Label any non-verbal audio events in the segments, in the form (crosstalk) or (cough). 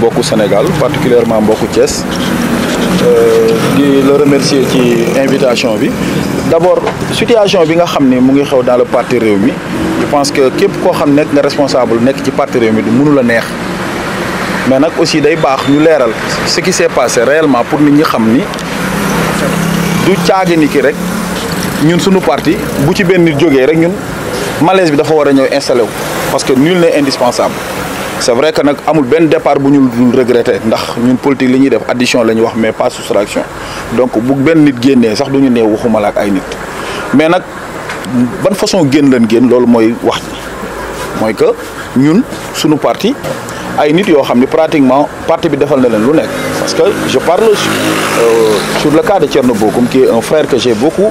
beaucoup Sénégal particulièrement beaucoup Thiès euh, di le remercier ci invitation bi d'abord situation dans le parti Réuni, je pense que qui peut responsable du parti mais aussi day ce qui s'est passé réellement pour nous ñi du ni ki rek parti malaise parce que nul n'est indispensable c'est vrai que nak amul ben départ bu dul regretter ndax ñun politique li ñuy def addition lañ wax mais pas soustraction donc bu ben nit génnee sax duñu né waxuma lak ay nit mais nak ban façon génn lañ génn lool moy wax moy que ñun suñu parti ay nit yo xamni pratiquement parti bi defal na leen lu nek parce que je parle euh, sur le cas de Tchernobyl comme qui est un frère que j'ai beaucoup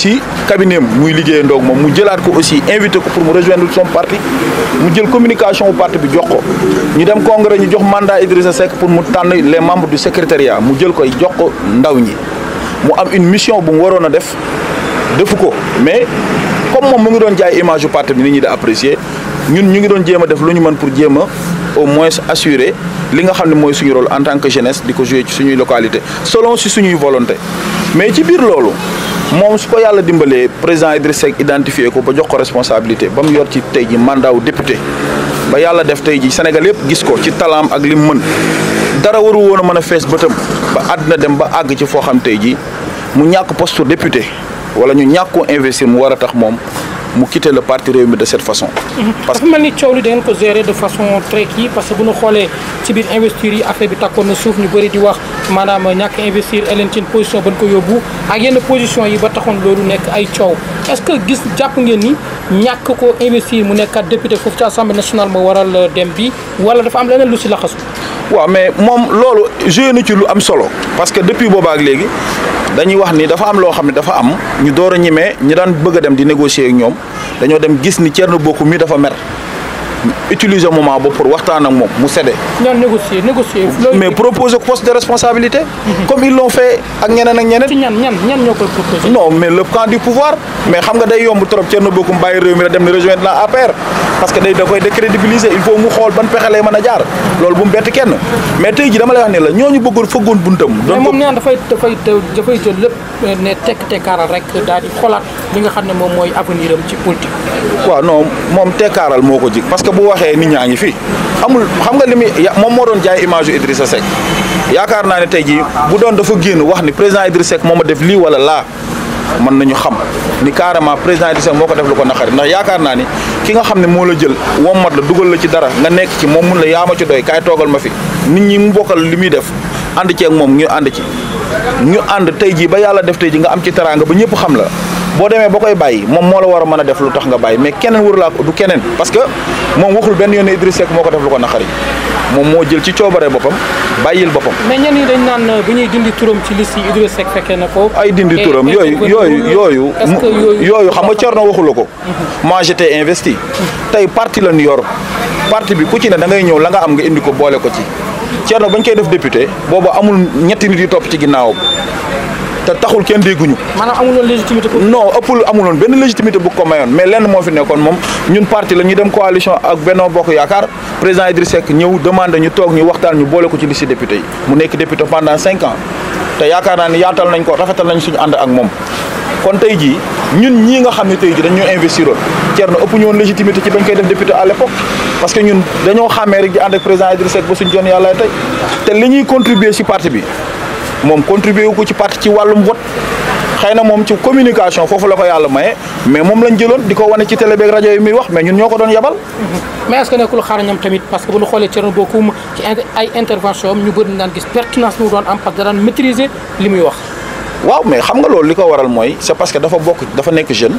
ci cabinet am muy liggéey ndoog moom mu jëlat ko aussi invité ko pour mu rejoindre son parti mu jël communication au parti bi jox ko ñu dem congrès ñu jox mandat Idrissa Seck pour mu tann les membres du secrétariat mu jël koy jox ko ndaw ñi mu am une mission bu mu warona def defuko mais comme mom mu ngi don jaay image yu parti bi nit ñi da apprécier ñun ñu ngi don jema def lu mën pour jema au moins assurer li nga xamné moy suñu rôle en tant que jeunesse diko jouer ci suñu localité selon si suñuy volonté mais ci bir lolu mom su ko yàlla dimbalee président Idriss Seck identifié ko ba jox ko responsabilité bam yor ci tey ji mandat député ba yalla def tey ji Sénégal yépp gis ko ci talam ak li mu mën dara waru wona a fess a bëtam ba adna dem ba ag ci fo xam tey ji mu ñak poste député wala ñu ñàkk ko investir mu wara tax mom mu quitter le parti Rewmi de cette façon. Mhm. parce que mel ni coow li ko gérer de façon très qui parce que bu ñu xoolee ci biir investir yi affaire bi takkoon na suuf ñu bëri di wax madame ñak investir Hélène Tine position ba ko yobbu ak yene position yi ba taxone lolu nek ay coow est-ce que gis japp ngeen ni ñak ko investir mu nek député fofu ci assemblée nationale mo waral dem bi wala dafa am leneen lu si laxasu. wa mais mom lolu joué na ci lu am solo parce que depuis boobaa ak léegi dañuy wax ni dafa am lo xamni dafa am ñu door ñimé ñemee ñu daan bëgg dem di négocier ak ñom dañoo dem gis ni Thierno Bocoum mi dafa mer utiliser moment bo pour waxtaan ak mom mu séddee. ñoom négocier négocier. mais proposer poste de responsabilité. Mhm. comme ils l'ont fait ak ñeneen ak ñeneen. ci ñan ñan ñan ñoko proposer. non mais le camp du pouvoir. mais xam nga day yomb trop Thierno Bocoum baye rew mi la dem ni rejoindre la APR. parce que day da koy décrédibiliser il faut mu xol ban pexale meuna jaar lolou bu mbett kenn mais tay ji dama lay wax ne la ñoñu bëggoon fëggoon buntam. donc fay da fay da fay jël lepp eh, ne tek tekkaaral rek daal di xolat li nga xamné ne moy avenirum ci politique. quoi non mom tekaral moko jik parce que bu waxé nit ñaangi fi amul xam nga limi mom ya, mo doon jaay image Idrissa Seck yaakar na ne tay ji bu doon fa génn wax ni président Idrissa Seck moma def li wala la mën nañu xam ni carrément président Idrissa moo ko def lu ko naqari ndax yaakaar naa ni ki nga xam ne moo la jël wommat la dugal la ci dara nga nekk ci moom mun la yaama ci doy kaay ma fi nit ñi mbokkal bokkal li muy def ànd ci ak moom ñu ànd ci ñu ànd tey jii ba yàlla def tey ji nga am ci teraanga ba ñëpp xam la boo demee ba koy bàyyi moom moo la war a mën a def lu tax nga bàyyi mais keneen waru laa du keneen parce que moom waxul benn yoon Idriss Seck moo ko def lu ko naqari moom moo jël ci coobaree boppam bàyyil boppam. mais ñenn ñi dañ naan euh, bu ñuy dindi turam ci liste fekkee na ko. ay dindi turam yooyu yooyu yooyu. yooyu xam nga Thierno waxula ko. Mm-hmm. moi j'étais investi. tey parti lañu yor parti bi ku ci ne da ngay ñëw la nga am nga indi ko boole ko ci Thierno bañ koy def député boobu amul ñetti nit yu topp ci ginnaawam. te taxul kenn dégguñu. maanaam amuloon légitimité pour. non ëppul amuloon benn légitimité bu ko mayoon mais lenn moo fi nekkoon moom ñun parti la ñuy dem coalition ak Benno Bokk Yaakaar président Idriss Seck ñëw demande ñu toog ñu waxtaan ñu boole ko ci liste député yi. mu nekk député pendant 5 ans te yaakaar naa ni yaatal nañ ko rafetal nañ suñu ànd ak moom kon tey jii ñun ñii nga xam ne tey jii dañu investiroon Thierno ëpp ñu woon légitimité ci bañ koy def député à l'époque parce que ñun dañoo xàmmee rek di ànd ak président Idriss Seck ba suñu jon yàlla tey te li ñuy contribuer ci parti bi moom contribué ko ci parti ci wàllu vote xëy na moom ci communication foofu la ko yàlla maye mais moom lañ jëloon di ko wane ci télé beeg rajo yi muy wax mais ñun ñoo ko doon yabal. mais est-ce que tamit parce que xoolee Thierno Bocoum intervention am naan gis pertinence bi mu doon am parce que daan li muy wax. waaw mais xam nga loolu li ko waral mooy c'est parce que dafa bokk dafa nekk jeune.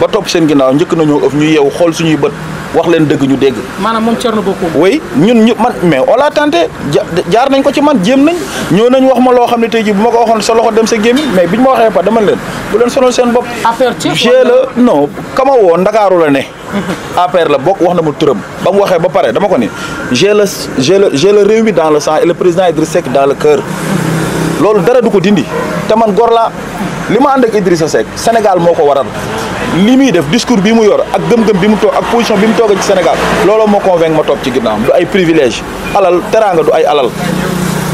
ba top seen ginaaw ñëk nañu ëf ñu yew xol suñu bëtt wax leen dëgg ñu dégg manam mom cërno bokku way ñun ñu man mais on l'a tenté jaar nañ ko ci man jëm nañ ñoo nañ wax ma lo xamni tay ji bu mako waxon sa loxo dem sa gémi mais biñ ma waxé pa dama leen bu leen sonal seen bop affaire ci je le non kama wo ndakaru la né (laughs) affaire la bok waxna na mu turam bam waxé ba paré dama ko ni je le je le je le réwi dans le sang et le président Idriss Seck dans le cœur lolou dara du ko dindi te man gor la lima and ak Idrissa Seck senegal moko waral limi def discours bi mu yor ak dem dem bi mu toog ak position bi mu toogee ci senegal lolou mo convainc ma topp ci ginnam du ay privilège alal teranga du ay alal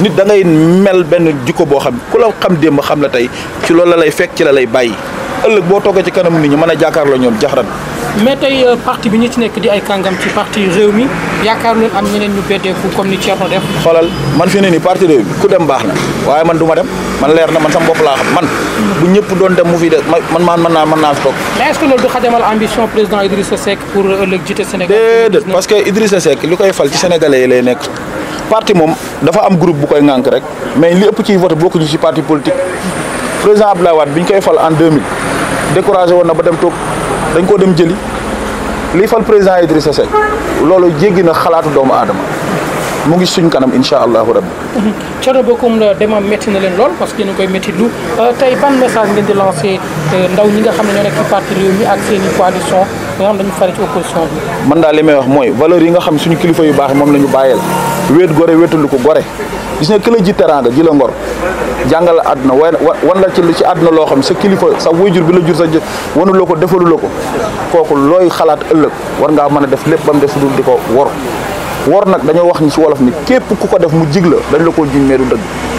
nit da ngay mel ben jiko bo xam ku la xam dem xam la tay ci lolou la lay fek ci la lay euleuk bo toge ci kanam nit ñi meuna jakarlo ñom mais tay euh, parti bi ñu ci nek di ay kangam ci parti réew mi yaakaar leen am ñeneen ñu bété fu comme ni Thierno def. xolal man fi ne ni parti réew mi ku dem baax na man duma dem man leer na man sama bopp la xam man. bu ñepp doon dem mu fi de man man mën naa mën naa fi mais est-ce que loolu du xademal ambition président Idrissa Seck pour ëllëg jiite Sénégal. déedéet parce que Idrissa Seck li koy fal ci sénégalais yi lay nek parti mom dafa am groupe bu koy ngank rek mais li ëpp ciy voté bokkuñu ci parti politique président Abdoulaye Wade bi koy fal en 2000 découragé won na ba dem tok dañ koo dem jëli lii fal président Idrissa Seck loolu jéggi na xalaatu doomu aadama mu ngi suñ kanam incha allahu rabbi. Thierno Bocoum la demam métti na leen lool parce que yéen a koy métti lu euh, tey ban di lancé euh, ndaw ñi nga xam ne ñoo nekk ci parti réew mi ak seen i coalition dañu fare ci opposition bi. man daal li may wax mooy valeur yi nga xam suñu kilifa yu baax moom la ñu bàyyeel wéet gore ko gore gis nga këla ji teraanga ji la ngor jangal adna, wan la ci lu ci adna lo xam sa kilifa sa wayjur bi la jur sa wonu loko defalu loko koku loy xalat ëlëk war nga mëna def lepp bam def dul diko wor wor nak dañu wax ni ci wolof ni kep ku ko def mu jigla dañ la ko deug